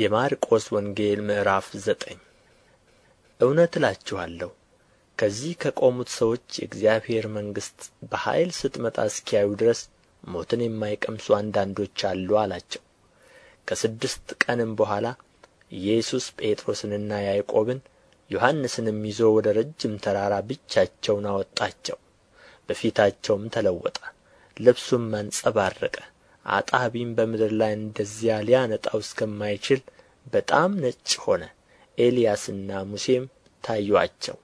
የማርቆስ ወንጌል ምዕራፍ ዘጠኝ እውነት እላችኋለሁ ከዚህ ከቆሙት ሰዎች የእግዚአብሔር መንግሥት በኃይል ስትመጣ እስኪያዩ ድረስ ሞትን የማይቀምሱ አንዳንዶች አሉ አላቸው ከስድስት ቀንም በኋላ ኢየሱስ ጴጥሮስንና ያዕቆብን ዮሐንስንም ይዞ ወደ ረጅም ተራራ ብቻቸውን አወጣቸው በፊታቸውም ተለወጠ ልብሱም አንጸባረቀ አጣቢም በምድር ላይ እንደዚያ ሊያነጣው እስከማይችል በጣም ነጭ ሆነ ኤልያስና ሙሴም ታዩአቸው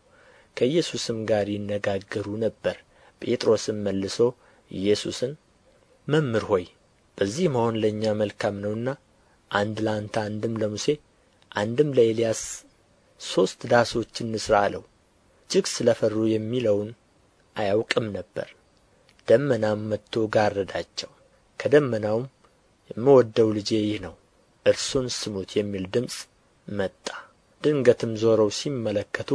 ከኢየሱስም ጋር ይነጋገሩ ነበር ጴጥሮስም መልሶ ኢየሱስን መምህር ሆይ በዚህ መሆን ለእኛ መልካም ነውና አንድ ለአንተ አንድም ለሙሴ አንድም ለኤልያስ ሦስት ዳሶች እንሥራ አለው እጅግ ስለ ፈሩ የሚለውን አያውቅም ነበር ደመናም መጥቶ ጋረዳቸው ከደመናውም የምወደው ልጄ ይህ ነው እርሱን ስሙት የሚል ድምፅ መጣ ድንገትም ዞረው ሲመለከቱ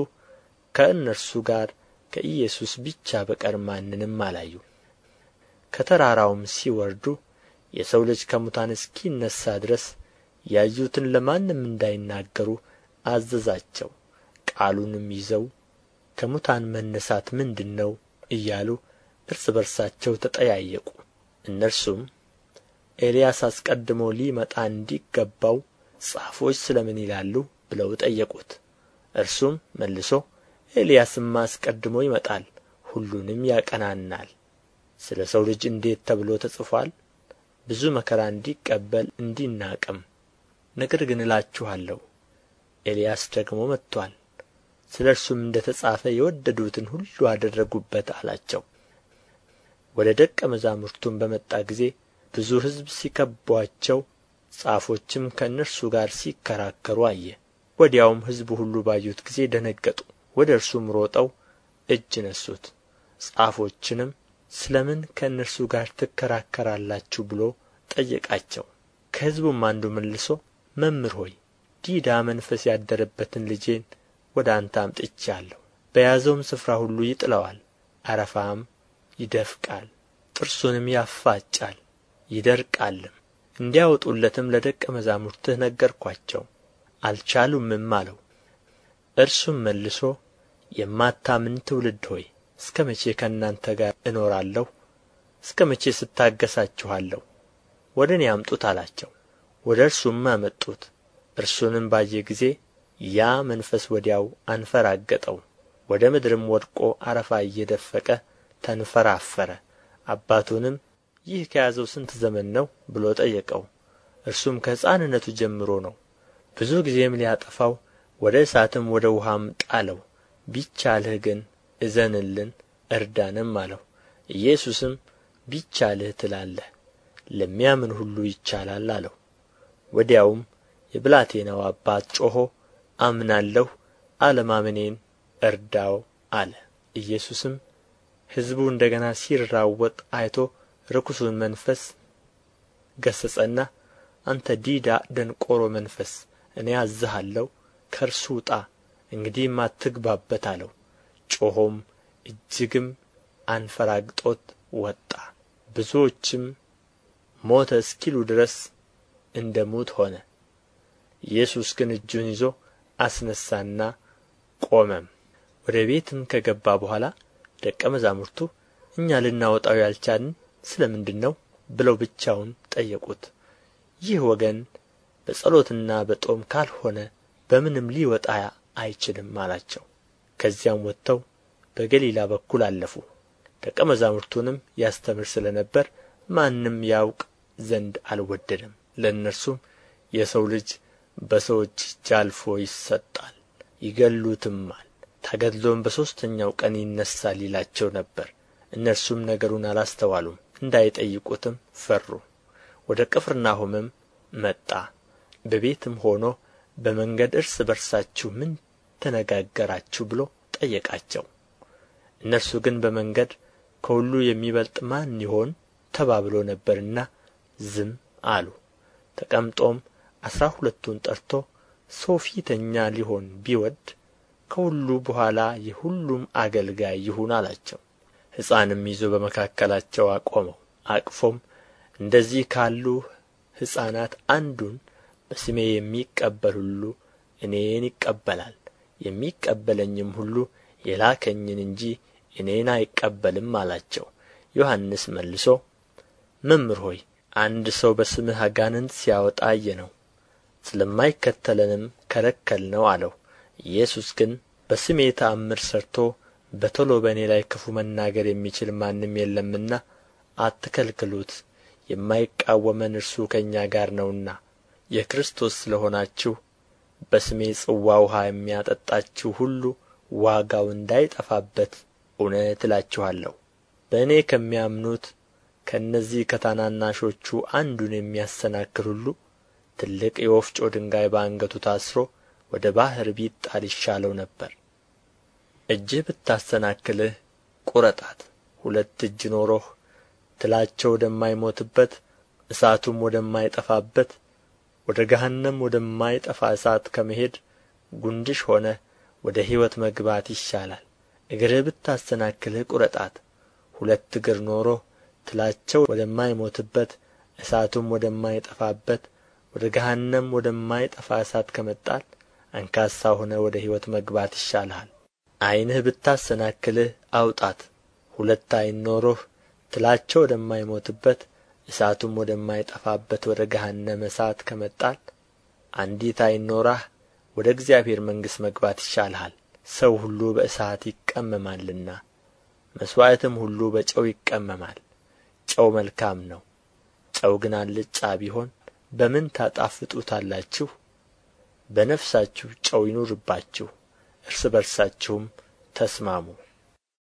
ከእነርሱ ጋር ከኢየሱስ ብቻ በቀር ማንንም አላዩ። ከተራራውም ሲወርዱ የሰው ልጅ ከሙታን እስኪነሣ ድረስ ያዩትን ለማንም እንዳይናገሩ አዘዛቸው። ቃሉንም ይዘው ከሙታን መነሳት ምንድን ነው እያሉ እርስ በርሳቸው ተጠያየቁ። እነርሱም ኤልያስ አስቀድሞ ሊመጣ እንዲገባው ጻፎች ስለ ምን ይላሉ ብለው ጠየቁት እርሱም መልሶ ኤልያስማ አስቀድሞ ይመጣል ሁሉንም ያቀናናል ስለ ሰው ልጅ እንዴት ተብሎ ተጽፏል? ብዙ መከራ እንዲቀበል እንዲናቅም ነገር ግን እላችኋለሁ ኤልያስ ደግሞ መጥቶአል ስለ እርሱም እንደ ተጻፈ የወደዱትን ሁሉ አደረጉበት አላቸው ወደ ደቀ መዛሙርቱም በመጣ ጊዜ ብዙ ሕዝብ ሲከቧቸው ጻፎችም ከእነርሱ ጋር ሲከራከሩ አየ ወዲያውም ሕዝቡ ሁሉ ባዩት ጊዜ ደነገጡ ወደ እርሱም ሮጠው እጅ ነሱት ጻፎችንም ስለምን ከነርሱ ከእነርሱ ጋር ትከራከራላችሁ ብሎ ጠየቃቸው ከሕዝቡም አንዱ መልሶ መምህር ሆይ ዲዳ መንፈስ ያደረበትን ልጄን ወደ አንተ አምጥቻለሁ። በያዘውም ስፍራ ሁሉ ይጥለዋል አረፋም ይደፍቃል ጥርሱንም ያፋጫል ይደርቃልም እንዲያወጡለትም ለደቀ መዛሙርትህ ነገርኳቸው አልቻሉምም አለው እርሱም መልሶ የማታምን ትውልድ ሆይ እስከ መቼ ከእናንተ ጋር እኖራለሁ እስከ መቼ ስታገሳችኋለሁ? ወደ እኔ አምጡት አላቸው ወደ እርሱም አመጡት እርሱንም ባየ ጊዜ ያ መንፈስ ወዲያው አንፈራገጠው ወደ ምድርም ወድቆ አረፋ እየደፈቀ ተንፈራፈረ አባቱንም ይህ ከያዘው ስንት ዘመን ነው ብሎ ጠየቀው እርሱም ከሕፃንነቱ ጀምሮ ነው ብዙ ጊዜም ሊያጠፋው ወደ እሳትም ወደ ውሃም ጣለው ቢቻልህ ግን እዘንልን እርዳንም አለው ኢየሱስም ቢቻልህ ትላለህ ለሚያምን ሁሉ ይቻላል አለው ወዲያውም የብላቴናው አባት ጮኾ አምናለሁ አለማመኔን እርዳው አለ ኢየሱስም ሕዝቡ እንደ ገና ሲራወጥ አይቶ ርኩሱን መንፈስ ገሰጸና አንተ ዲዳ ደንቆሮ መንፈስ እኔ አዝሃለሁ ከእርሱ ውጣ እንግዲህም አትግባበት አለው ጮኾም እጅግም አንፈራግጦት ወጣ ብዙዎችም ሞተ እስኪሉ ድረስ እንደ ሙት ሆነ ኢየሱስ ግን እጁን ይዞ አስነሳና ቆመም ወደ ቤትም ከገባ በኋላ ደቀ መዛሙርቱ እኛ ልናወጣው ያልቻልን ስለ ምንድን ነው ብለው ብቻውን ጠየቁት ይህ ወገን በጸሎትና በጦም ካልሆነ በምንም ሊወጣ አይችልም አላቸው ከዚያም ወጥተው በገሊላ በኩል አለፉ ደቀ መዛሙርቱንም ያስተምር ስለ ነበር ማንም ያውቅ ዘንድ አልወደደም ለእነርሱም የሰው ልጅ በሰዎች እጅ አልፎ ይሰጣል ይገሉትማል ተገድሎም በሦስተኛው ቀን ይነሣል ይላቸው ነበር እነርሱም ነገሩን አላስተዋሉም እንዳይጠይቁትም ፈሩ ወደ ቅፍርናሆምም መጣ በቤትም ሆኖ በመንገድ እርስ በርሳችሁ ምን ተነጋገራችሁ ብሎ ጠየቃቸው እነርሱ ግን በመንገድ ከሁሉ የሚበልጥ ማን ይሆን ተባብሎ ነበርና ዝም አሉ። ተቀምጦም አስራ ሁለቱን ጠርቶ ሰው ፊተኛ ሊሆን ቢወድ ከሁሉ በኋላ የሁሉም አገልጋይ ይሁን አላቸው። ሕፃንም ይዞ በመካከላቸው አቆመው አቅፎም እንደዚህ ካሉ ሕፃናት አንዱን በስሜ የሚቀበል ሁሉ እኔን ይቀበላል የሚቀበለኝም ሁሉ የላከኝን እንጂ እኔን አይቀበልም አላቸው ዮሐንስ መልሶ መምህር ሆይ አንድ ሰው በስምህ አጋንንት ሲያወጣ አየነው ስለማይከተለንም ከለከልነው አለው ኢየሱስ ግን በስሜ ተአምር ሠርቶ በቶሎ በእኔ ላይ ክፉ መናገር የሚችል ማንም የለምና አትከልክሉት የማይቃወመን እርሱ ከእኛ ጋር ነውና የክርስቶስ ስለ ሆናችሁ በስሜ ጽዋ ውሃ የሚያጠጣችሁ ሁሉ ዋጋው እንዳይጠፋበት እውነት እላችኋለሁ በእኔ ከሚያምኑት ከእነዚህ ከታናናሾቹ አንዱን የሚያሰናክል ሁሉ ትልቅ የወፍጮ ድንጋይ በአንገቱ ታስሮ ወደ ባሕር ቢጣል ይሻለው ነበር እጅህ ብታሰናክልህ ቁረጣት ሁለት እጅ ኖሮህ ትላቸው ወደማይሞትበት እሳቱም ወደማይጠፋበት ወደ ገሃነም ወደማይጠፋ እሳት ከመሄድ ጉንድሽ ሆነ ወደ ሕይወት መግባት ይሻላል እግርህ ብታሰናክልህ ቁረጣት ሁለት እግር ኖሮ ትላቸው ወደማይሞትበት እሳቱም ወደማይጠፋበት ወደ ገሃነም ወደማይጠፋ እሳት ከመጣል አንካሳ ሆነ ወደ ሕይወት መግባት ይሻልሃል ዓይንህ ብታሰናክልህ አውጣት ሁለት ዓይን ኖሮህ ትላቸው ወደማይሞትበት እሳቱም ወደማይጠፋበት ወደ ገሃነመ እሳት ከመጣል አንዲት ዓይን ኖራህ ወደ እግዚአብሔር መንግሥት መግባት ይሻልሃል ሰው ሁሉ በእሳት ይቀመማልና መሥዋዕትም ሁሉ በጨው ይቀመማል ጨው መልካም ነው ጨው ግን አልጫ ቢሆን በምን ታጣፍጡታላችሁ በነፍሳችሁ ጨው ይኑርባችሁ እርስ በርሳቸውም ተስማሙ